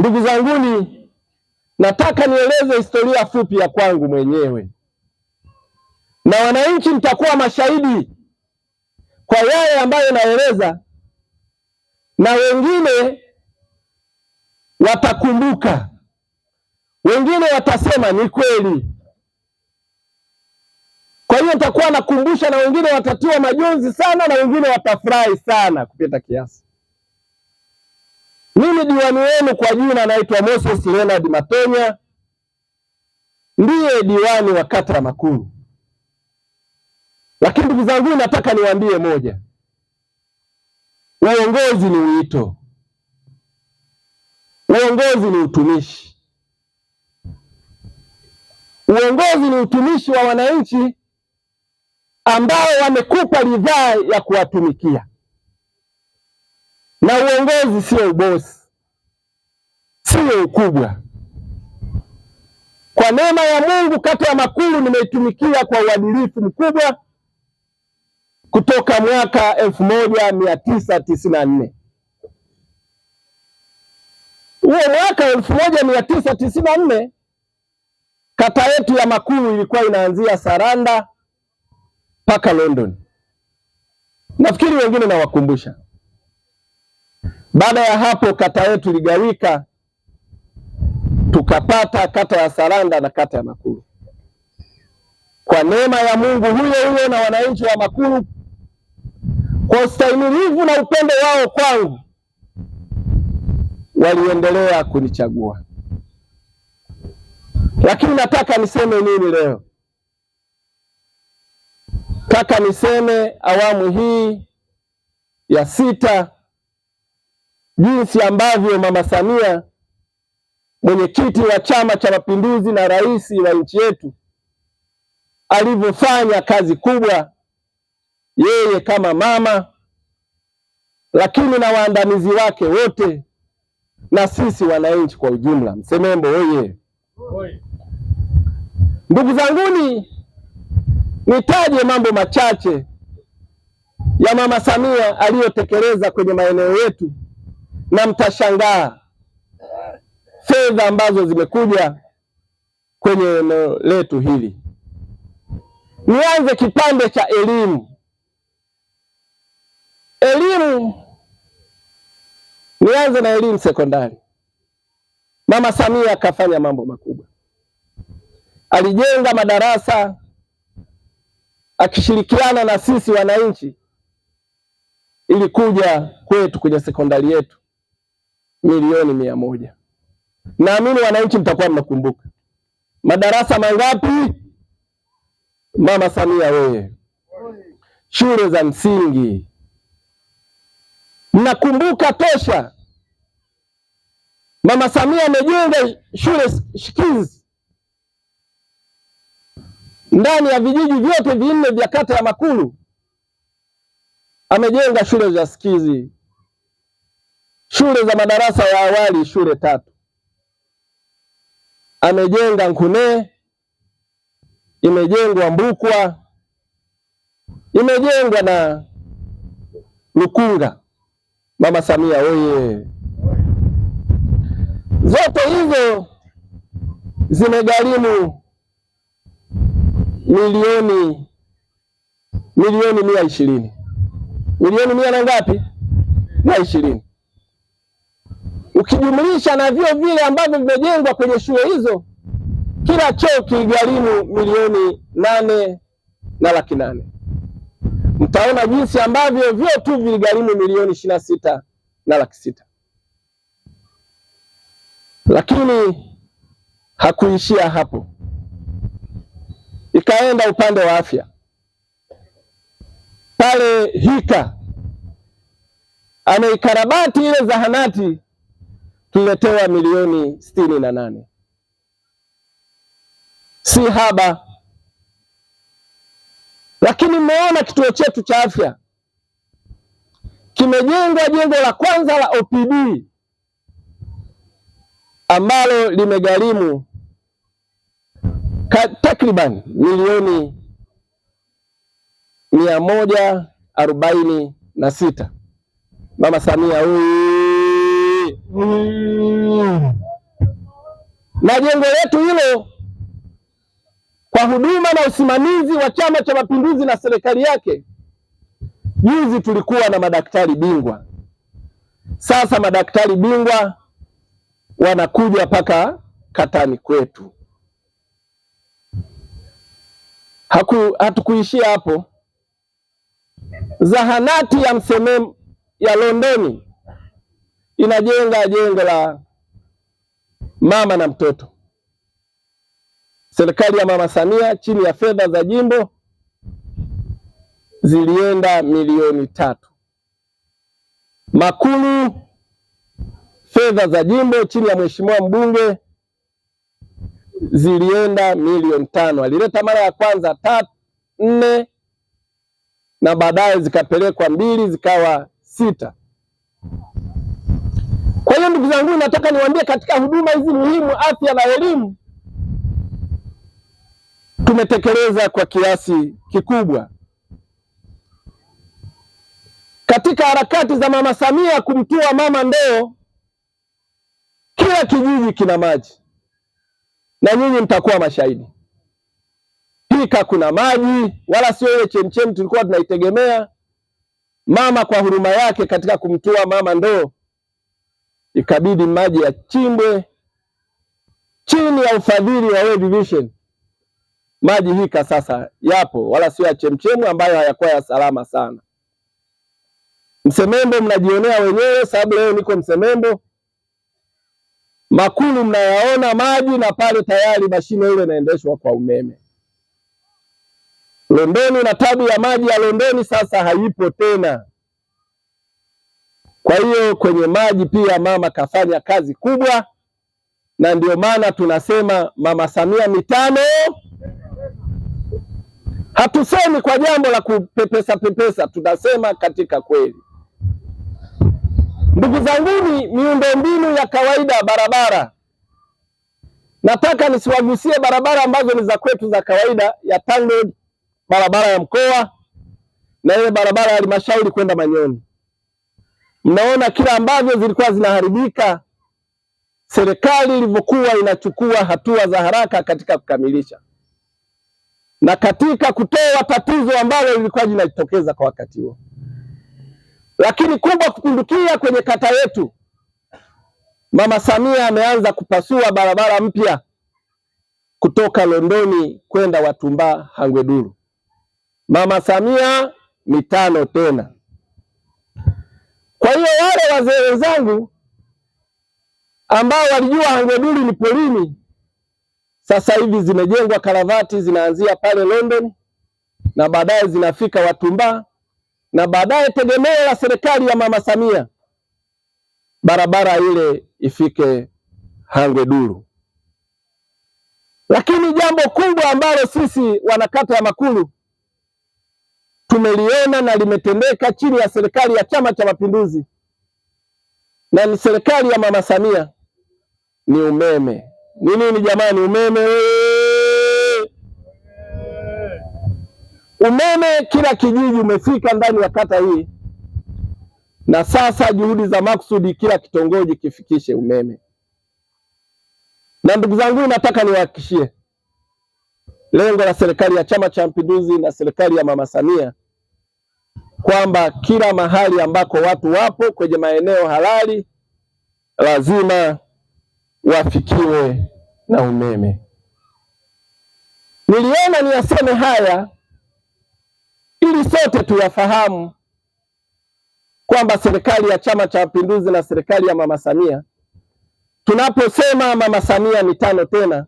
Ndugu zanguni, nataka nieleze historia fupi ya kwangu mwenyewe, na wananchi mtakuwa mashahidi kwa yale ambayo naeleza, na wengine watakumbuka, wengine watasema ni kweli. Kwa hiyo nitakuwa nakumbusha, na wengine watatua majonzi sana, na wengine watafurahi sana kupita kiasi. Mimi diwani wenu kwa jina naitwa Moses Leonard Matonya, ndiye diwani wa kata Makulu. Lakini ndugu zangu, nataka niwaambie moja, uongozi ni wito, uongozi ni utumishi, uongozi ni utumishi wa wananchi ambao wamekupa ridhaa ya kuwatumikia. Na uongozi sio ubosi, sio ukubwa. Kwa neema ya Mungu, kata ya Makulu nimeitumikia kwa uadilifu mkubwa kutoka mwaka elfu moja mia tisa tisini na nne. Huo mwaka elfu moja mia tisa tisini na nne kata yetu ya Makulu ilikuwa inaanzia Saranda mpaka London. Nafikiri wengine nawakumbusha baada ya hapo, kata yetu iligawika, tukapata kata ya Saranda na kata ya Makuru. Kwa neema ya Mungu huyo huyo na wananchi wa Makuru, kwa ustahimilivu na upendo wao kwangu, waliendelea kunichagua. Lakini nataka niseme nini leo? Nataka niseme awamu hii ya sita jinsi ambavyo Mama Samia mwenyekiti wa Chama cha Mapinduzi na rais wa nchi yetu alivyofanya kazi kubwa, yeye kama mama, lakini na waandamizi wake wote na sisi wananchi kwa ujumla. Msemembo oye! Ndugu zanguni, nitaje mambo machache ya Mama Samia aliyotekeleza kwenye maeneo yetu na mtashangaa fedha ambazo zimekuja kwenye eneo letu hili. Nianze kipande cha elimu. Elimu, nianze na elimu sekondari. Mama Samia akafanya mambo makubwa, alijenga madarasa akishirikiana na sisi wananchi, ili kuja kwetu kwenye sekondari yetu milioni mia moja. Naamini wananchi mtakuwa mnakumbuka madarasa mangapi Mama Samia wewe, shule za msingi mnakumbuka tosha. Mama Samia amejenga shule shikizi ndani ya vijiji vyote vinne vya kata ya Makulu, amejenga shule za shikizi Shule za madarasa ya awali shule tatu amejenga Nkune, imejengwa Mbukwa, imejengwa na Lukunga. Mama Samia oye! Zote hizo zimegharimu milioni milioni mia ishirini milioni mia na ngapi na ishirini Ukijumlisha na vyo vile ambavyo vimejengwa kwenye shule hizo, kila choo kiligharimu milioni nane na laki nane. Mtaona jinsi ambavyo vyo tu viligharimu milioni ishirini na sita na laki sita. Lakini hakuishia hapo, ikaenda upande wa afya pale hika ameikarabati ile zahanati tumepewa milioni sitini na nane si haba, lakini mmeona kituo chetu cha afya kimejengwa jengo la kwanza la OPD ambalo limegharimu takriban milioni mia moja arobaini na sita. Mama Samia huyu na jengo letu hilo kwa huduma na usimamizi wa Chama cha Mapinduzi na serikali yake, juzi tulikuwa na madaktari bingwa. Sasa madaktari bingwa wanakuja mpaka katani kwetu. Haku, hatukuishia hapo. Zahanati ya Mseme ya Londoni inajenga jengo la mama na mtoto. Serikali ya Mama Samia chini ya fedha za jimbo zilienda milioni tatu. Makulu fedha za jimbo chini ya mheshimiwa mbunge zilienda milioni tano. Alileta mara ya kwanza tatu, nne na baadaye zikapelekwa mbili, zikawa sita ndugu zangu, nataka niwaambie katika huduma hizi muhimu, afya na elimu, tumetekeleza kwa kiasi kikubwa katika harakati za Mama Samia kumtua mama ndoo. Kila kijiji kina maji, na nyinyi mtakuwa mashahidi. Pika kuna maji, wala sio ile chemchem tulikuwa tunaitegemea. Mama kwa huruma yake katika kumtua mama ndoo ikabidi maji yachimbwe chini ya ufadhili wa World Vision. Maji hika sasa yapo, wala sio ya chemchemu ambayo hayakuwa ya salama sana. Msemembo mnajionea wenyewe, sababu leo niko Msemembo. Makulu mnayaona maji na pale tayari mashine ile inaendeshwa kwa umeme. Londoni na tabu ya maji ya Londoni sasa haipo tena. Kwa hiyo kwenye maji pia mama kafanya kazi kubwa, na ndio maana tunasema Mama Samia mitano. Hatusemi kwa jambo la kupepesa pepesa, tunasema katika kweli. Ndugu zanguni, miundombinu ya kawaida barabara, nataka nisiwagusie barabara ambazo ni za kwetu za kawaida, ya TANROADS, barabara ya mkoa na ile barabara ya halmashauri kwenda Manyoni. Mnaona kila ambavyo zilikuwa zinaharibika, serikali ilivyokuwa inachukua hatua za haraka katika kukamilisha na katika kutoa tatizo ambalo lilikuwa linajitokeza kwa wakati huo. Lakini kubwa kupindukia, kwenye kata yetu Mama Samia ameanza kupasua barabara mpya kutoka Londoni kwenda Watumba Hangweduru. Mama Samia mitano tena. Kwa hiyo wale wazee wenzangu ambao walijua Hangeduli ni polini, sasa hivi zimejengwa karavati, zinaanzia pale London na baadaye zinafika Watumbaa na baadaye tegemeo la serikali ya Mama Samia barabara ile ifike Hangeduru. Lakini jambo kubwa ambalo sisi wanakata ya Makulu tumeliona na limetendeka chini ya serikali ya Chama cha Mapinduzi na ni serikali ya Mama Samia ni umeme. Ni nini jamani? Umeme Umeme kila kijiji umefika ndani ya kata hii, na sasa juhudi za maksudi kila kitongoji kifikishe umeme. Na ndugu zangu, nataka niwahakikishie lengo la serikali ya Chama cha Mapinduzi na serikali ya Mama Samia kwamba kila mahali ambako watu wapo kwenye maeneo halali lazima wafikiwe na umeme. Niliona niyaseme haya ili sote tuyafahamu kwamba serikali ya Chama cha Mapinduzi na serikali ya Mama Samia, tunaposema Mama Samia mitano tena,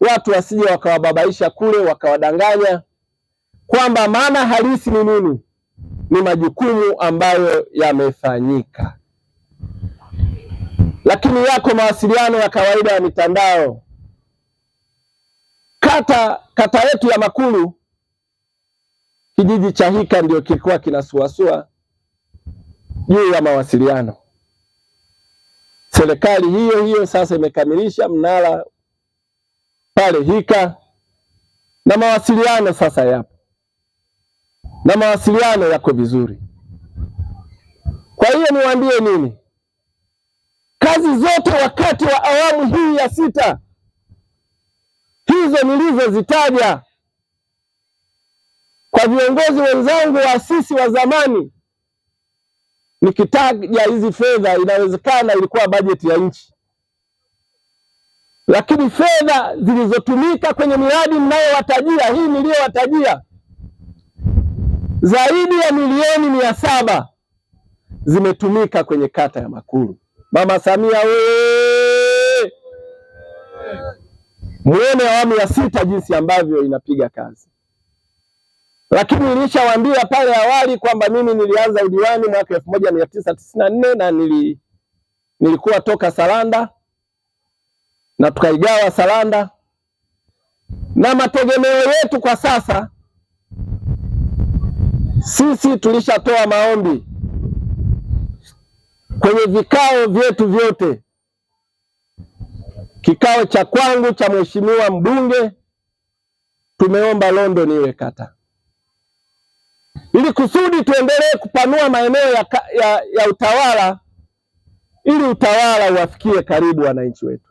watu wasije wakawababaisha kule wakawadanganya kwamba maana halisi ni nini ni majukumu ambayo yamefanyika, lakini yako mawasiliano ya kawaida ya mitandao. Kata kata yetu ya Makulu, kijiji cha Hika ndio kilikuwa kinasuasua juu ya mawasiliano. Serikali hiyo hiyo sasa imekamilisha mnara pale Hika na mawasiliano sasa yapo na mawasiliano yako vizuri. Kwa hiyo niwaambie nini, kazi zote wakati wa awamu hii ya sita hizo nilizozitaja kwa viongozi wenzangu waasisi wa zamani, nikitaja hizi fedha, inawezekana ilikuwa bajeti ya nchi, lakini fedha zilizotumika kwenye miradi mnayowatajia, hii niliyowatajia zaidi ya milioni mia saba zimetumika kwenye kata ya Makuru. Mama Samia wee, muone awamu ya sita jinsi ambavyo inapiga kazi. Lakini nilishawaambia pale awali kwamba mimi nilianza udiwani mwaka elfu moja mia tisa tisini na nne na nili, nilikuwa toka Salanda na tukaigawa Salanda, na mategemeo yetu kwa sasa sisi tulishatoa maombi kwenye vikao vyetu vyote, kikao cha kwangu cha mheshimiwa mbunge, tumeomba London iwe kata ili kusudi tuendelee kupanua maeneo ya, ya, ya utawala ili utawala uwafikie karibu wananchi wetu,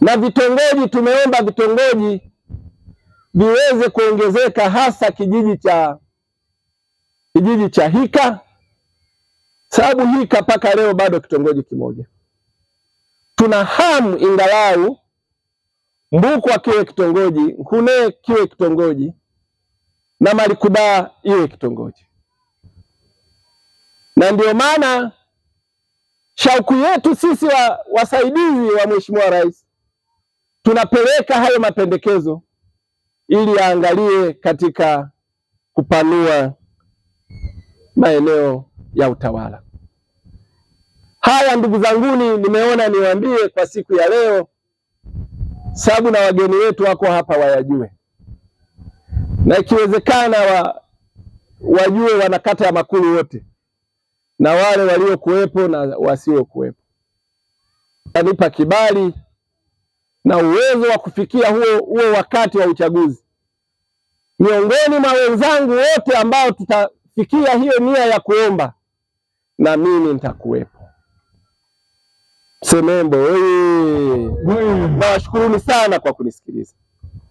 na vitongoji tumeomba vitongoji viweze kuongezeka hasa kijiji cha kijiji cha Hika, sababu Hika mpaka leo bado kitongoji kimoja. Tuna hamu ingalau Mbukwa kiwe kitongoji, Nkune kiwe kitongoji na Malikudaa iwe kitongoji, na ndio maana shauku yetu sisi wa wasaidizi wa Mheshimiwa Rais tunapeleka hayo mapendekezo ili aangalie katika kupanua maeneo ya utawala. Haya ndugu zanguni, nimeona niwaambie kwa siku ya leo, sababu na wageni wetu wako hapa wayajue, na ikiwezekana wa, wajue wanakata ya Makulu wote na wale waliokuwepo na wasiokuwepo. Anipa kibali na uwezo wa kufikia huo huo wakati wa uchaguzi. Miongoni mwa wenzangu wote ambao tutafikia hiyo nia ya kuomba, na mimi nitakuwepo. Semembo, nawashukuruni sana kwa kunisikiliza.